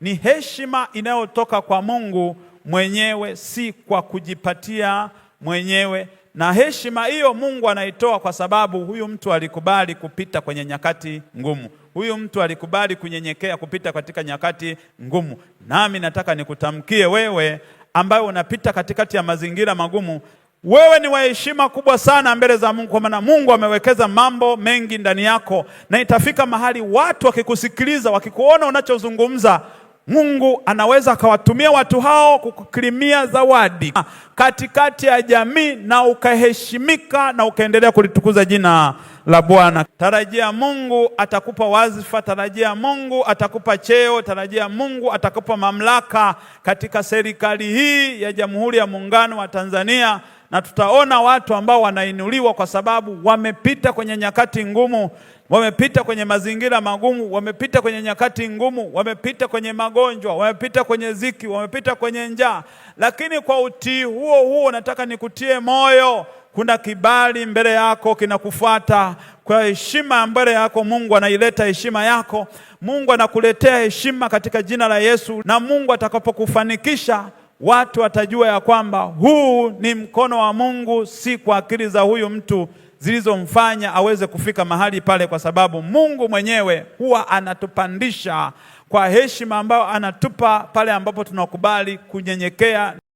ni heshima inayotoka kwa Mungu mwenyewe, si kwa kujipatia mwenyewe. Na heshima hiyo Mungu anaitoa kwa sababu huyu mtu alikubali kupita kwenye nyakati ngumu. Huyu mtu alikubali kunyenyekea kupita katika nyakati ngumu. Nami nataka nikutamkie wewe ambaye unapita katikati ya mazingira magumu, wewe ni wa heshima kubwa sana mbele za Mungu, kwa maana Mungu amewekeza mambo mengi ndani yako, na itafika mahali watu wakikusikiliza, wakikuona unachozungumza Mungu anaweza akawatumia watu hao kukukirimia zawadi katikati ya jamii na ukaheshimika na ukaendelea kulitukuza jina la Bwana. Tarajia Mungu atakupa wazifa, tarajia Mungu atakupa cheo, tarajia Mungu atakupa mamlaka katika serikali hii ya Jamhuri ya Muungano wa Tanzania na tutaona watu ambao wanainuliwa kwa sababu wamepita kwenye nyakati ngumu, wamepita kwenye mazingira magumu, wamepita kwenye nyakati ngumu, wamepita kwenye magonjwa, wamepita kwenye ziki, wamepita kwenye njaa. Lakini kwa utii huo huo, nataka nikutie moyo, kuna kibali mbele yako kinakufuata. Kwa heshima mbele yako, Mungu anaileta heshima yako, Mungu anakuletea heshima katika jina la Yesu, na Mungu atakapokufanikisha watu watajua ya kwamba huu ni mkono wa Mungu, si kwa akili za huyu mtu zilizomfanya aweze kufika mahali pale, kwa sababu Mungu mwenyewe huwa anatupandisha kwa heshima ambayo anatupa pale ambapo tunakubali kunyenyekea.